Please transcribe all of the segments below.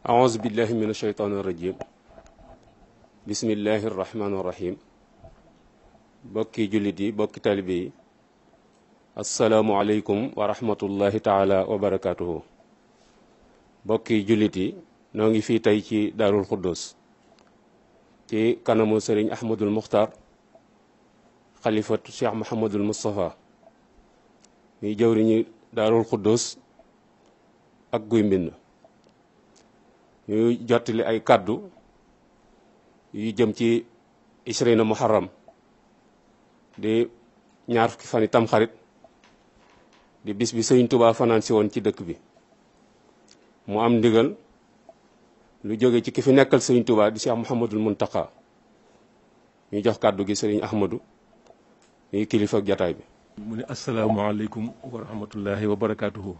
أعوذ بالله من الشيطان الرجيم بسم الله الرحمن الرحيم بكي جلدي بكي طالبي السلام عليكم ورحمة الله تعالى وبركاته بكي جلدي نونغي في تايكي دار القدس تي كانمو سرين أحمد المختار خليفة الشيخ محمد المصطفى مي جوريني دار القدس ak guy mbind ñuy jottali ay kàddu yu jëm ci ishrina muharram di ñaar fukki fan yi tamxarit di bis bi sëñ tubaa fanaan si woon ci dëkk bi mu am ndigal lu jóge ci ki fi nekkal sëriñ tubaa di Cheikh Mouhamadul Muntaqa ñu jox kàddu gi sëriñ Ahmadou ñuy kilifa ak jataay bi mu ni asalaamaaleykum wa rahmatullahi wa barakaatuhu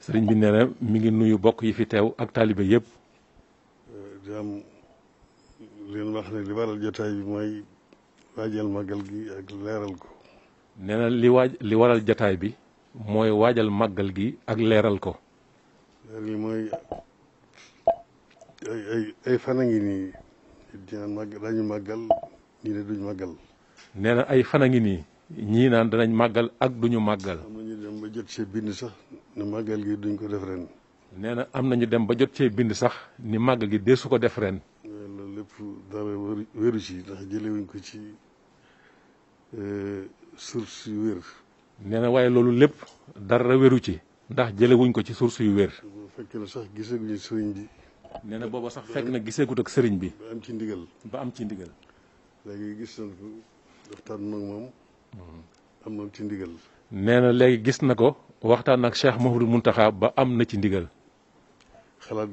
sëriñ bi nee na mi ngi nuyu bokk yi fi teew ak taalibe yëpp. leen wax ne li waral jotaay bi mooy waajal màggal gi ak leeral ko. nee na waral jotaay bi mooy waajal màggal gi ak leeral ko. leeral mooy ay ay ay fan a ngi nii dañu màggal ñii ne duñ màggal. ay fan a ngi nii ñii naan danañ màggal ak duñu màggal. am ñu dem ba ne màggal gi duñ ko def ren. nee na am nañu dem ba jot cee bind sax ni màggal gi dee su ko def ren. lépp wéru ci ndax ko ci euh, source yu na waaye loolu lépp dara wéru ci ndax jëlee ko ci source yu wér. bu fekkee sax gisaguñu sëriñ bi. nee na booba sax fekk na giseegut ak sëriñ bi. am ci ndigal ba ci ndigal. gis nañ ko waxtaan moom. Mm-hmm. ci ndigal. nee na léegi gis na ko waxtaan ak Cheikh mun Mountakha ba am na ci ndigal. xalaat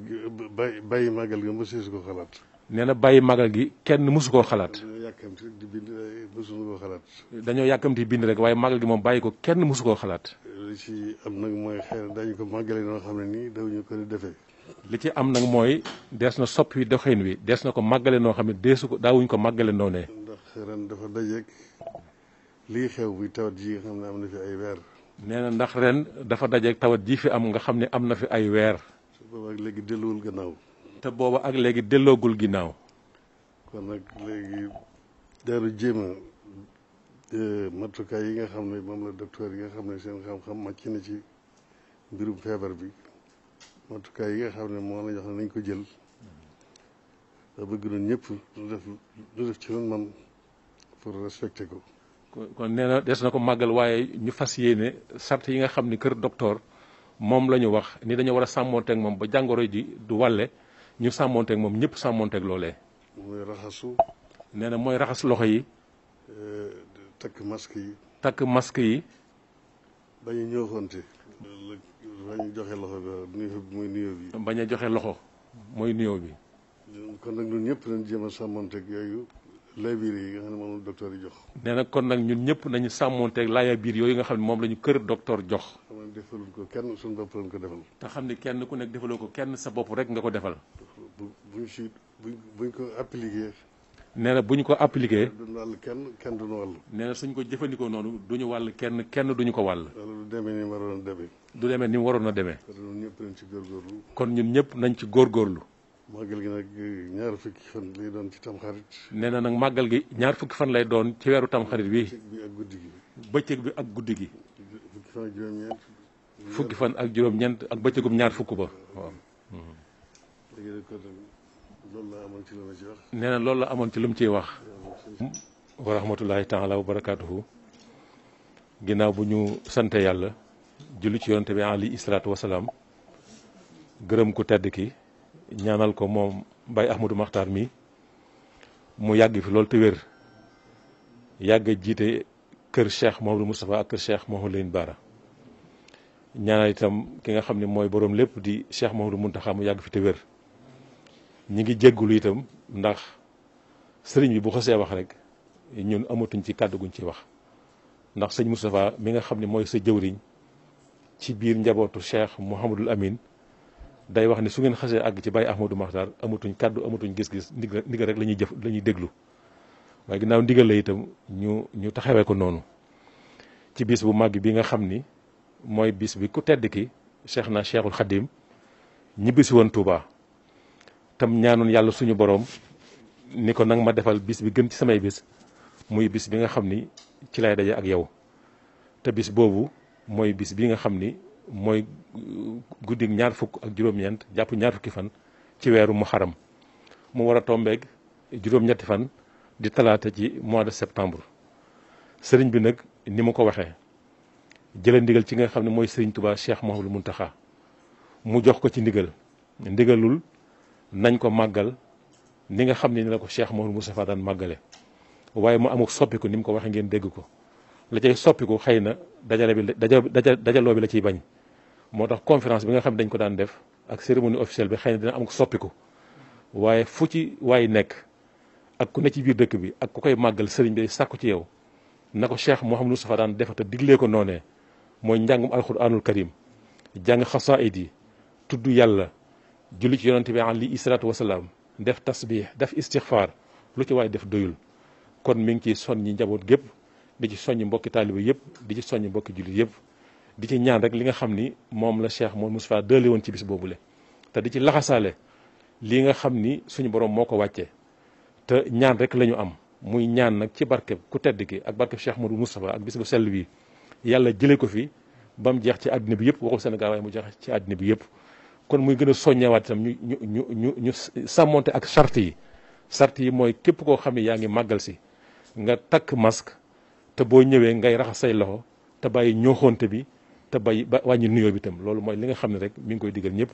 bàyyi bàyyi màggal gi ko xalaat. nee na bàyyi màggal gi kenn mësu koo xalaat. dañoo yàkkamti di bind mësuñu koo xalaat. dañoo yàkkamti bind rek waaye màggal gi moom bàyyi ko kenn mësu koo xalaat. li ci am nag mooy xëy na dañu ko màggale xam ne nii dawuñu ko defee. li ci am nag mooy dees na soppi doxin wi dees na ko màggale noo xam ne deesu ko daawuñu ko màggale noonee. ndax dafa dajeeg lii xew bi tawat yi nga am ay weer. nee na ndax ren dafa dajeeg tawat jii fi am nga xam ne am na fi ay weer. te booba ak léegi delloowul ginnaaw. te booba ak léegi delloogul ginnaaw. kon nag léegi daaru jéem a euh, matukaay yi nga xam ne moom la docteur yi nga xam ne seen xam-xam màcc na ci mbirum feebar bi matukaay yi nga xam ne moo la jox ne nañ ko jël. da bëgg noonu ñëpp lu def lu def ci loolu man pour respecter ko. kon nee na des na ko màggal waaye ñu fas yéene sart yi nga xam ni kër docteur moom la ñu wax ni dañu war a sàmmoonteeg moom ba jàngoro ji du wàlle ñu sàmmoonteeg moom ñëpp sàmmoonteeg loolee. mooy raxasu. nee na mooy raxas loxo yi. Eh, takk masque yi. takk masque yi. bañ a ñooxonte. bañ joxe loxo bi mooy nuyoo bi. bañ a joxe loxo mooy nuyoo bi. kon nag ñun ñëpp nañ jéem a yooyu. lay biir yi nga xam ne moom docteur yi jox. nee na kon nag ñun ñëpp nañu sàmmonteeg laaya biir yooyu nga xam ne moom la ñu kër docteur jox. xam ne defaluñ ko kenn suñu bopp lañ ko defal. te xam ne kenn ku nekk defaloo ko kenn sa bopp rek nga ko defal. bu si buñ ko appliqué. nee na bu ñu ko appliqué. duñ wàll kenn kenn du wàll. nee na suñ ko jëfandikoo noonu duñu wàll kenn kenn duñu ko wàll. du demee ni mu waroon a demee. du demee ni mu waroon a demee. kon ñun ñëpp nañ ci góor góorgóorlu. màggal gi nag ñaar doon ci tamxarit. nee na nag màggal gi ñaar fukki fan lay doon ci weeru tamxarit bi. bëccëg bi ak guddi gi. bi ak guddi gi. fukki fan ak juróom-ñeent. ak bëccëgum ñaar fukk ba waaw. Mhm. léegi loolu la amoon ci lu nee na loolu la amoon ci lu mu ciy wax. wa rahmatullahi taala wa barakaatuhu. ginnaaw bu ñu sant yàlla. julli ci yonte bi alayhi salaatu wasalaam. gërëm ku tedd ki. ñaanal ko moom Baye Ahmadou Makhtar mi mu yàgg fi loolu te wér yàgg jiite kër Cheikh Mouhamadou Moustapha ak kër Cheikh Mouhamadou Lamine Bara ñaanal itam ki nga xam ne mooy boroom lépp di Cheikh Mouhamadou Mountakha mu yàgg fi te wér ñi ngi jéggulu itam ndax sëriñ bi bu xasee wax rek ñun amatuñ ci kàddu guñ ci wax ndax sëñ Moustapha mi nga xam ne mooy sa jëwriñ ci biir njabootu Cheikh Mouhamadul Amin day wax ne su ngeen xasee àgg ci Baye Ahmadou Makhtar amatuñ kàddu amatuñ gis-gis ndigal ndigal rek la ñuy jëf la ñuy déglu waaye ginnaaw ndigal itam ñu ñu taxawee ko noonu ci biis bu màgg bi nga xam ni mooy bis bi ku tedd ki cheikh na cheikhul xadim ñibbisi woon Touba tam ñaanoon yàlla suñu boroom ni ko nag ma defal bis bi gën ci samay bis muy bis bi nga xam ni ci lay daje ak yow te bis boobu mooy bis bi nga xam ni mooy euh, guddig ñaar fukk ak juróom-ñeent jàpp ñaar fukki fan ci weeru muharram mu war a tombeeg juróom-ñetti fan di talaata ci mois de septembre sëriñ bi nag ni ma ko waxee jëla ndigal ci nga xam ne mooy sëriñ Tuubaa Cheikh mun taxa mu jox ko ci ndigal ndigalul nañ ko màggal ni nga xam ne ni la ko Cheikh Mouhamadou Moustapha daan màggale waaye mu amuk soppiku ni mu ko waxee ngeen dégg ko la cay soppiku xëy na dajale bi dajaloo bi la ciy bañ moo tax conférence bi nga xam dañ ko daan def ak cérémonie officielle bi xëy na dina am ko soppiku waaye fu ci waay nekk ak ku ne ci biir dëkk bi ak ku koy màggal sëriñ bi sàkku ci yow na ko xam Mouhamadou Moustapha daan def te diglee ko noonee mooy njàngum alxuraanul karim jàng xasaayid yi tudd yàlla julli ci yonante bi alayhi salaatu wasalaam def tasbih def istixfaar lu ci waay def doyul kon mu ngi ciy soññi njaboot gépp di ci soññi mbokki taaliba yëpp di ci soññi mbokki jullit yëpp di ci ñaan rek li nga xam ni moom la Cheikh moom Moustapha dële woon ci bis boobule te di ci laxasaale li nga xam ni suñu borom moo ko wàccee te ñaan rek lañu am muy ñaan nag ci barkeb ku tedd ki ak barkeb Cheikh Modou Moustapha ak bis bu sell bi yàlla jëlee ko fi ba mu jeex ci àddina bi yëpp waxul Sénégal mu jeex ci àddina bi yëpp kon muy gën soññeewaat soññewaat itam ñu ñu ñu ñu ñu ak charte yi charte yi mooy képp koo xam ne yaa ngi màggal si nga takk mask te boo ñëwee ngay raxas say loxo te bàyyi bi te bay ba wàññi nuyoo bi itam loolu mooy li nga xam ne rek mi ngi koy digal ñëpp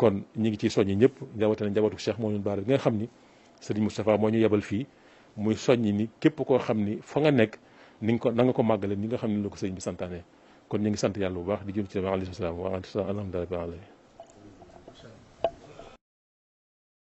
kon ñu ngi ciy soññi ñëpp rawatina njabootu moo Mouhamadou Bara bi nga xam ni Serigne Moustapha moo ñu yebal fii muy soññ ni képp koo xam ni fa nga nekk ni nga ko na nga ko màggale ni nga xam ne loo ko sëriñ bi santaane kon ñu ngi sant yàlla bu baax di jëm ci aleyhi salaam wa alhamdulilah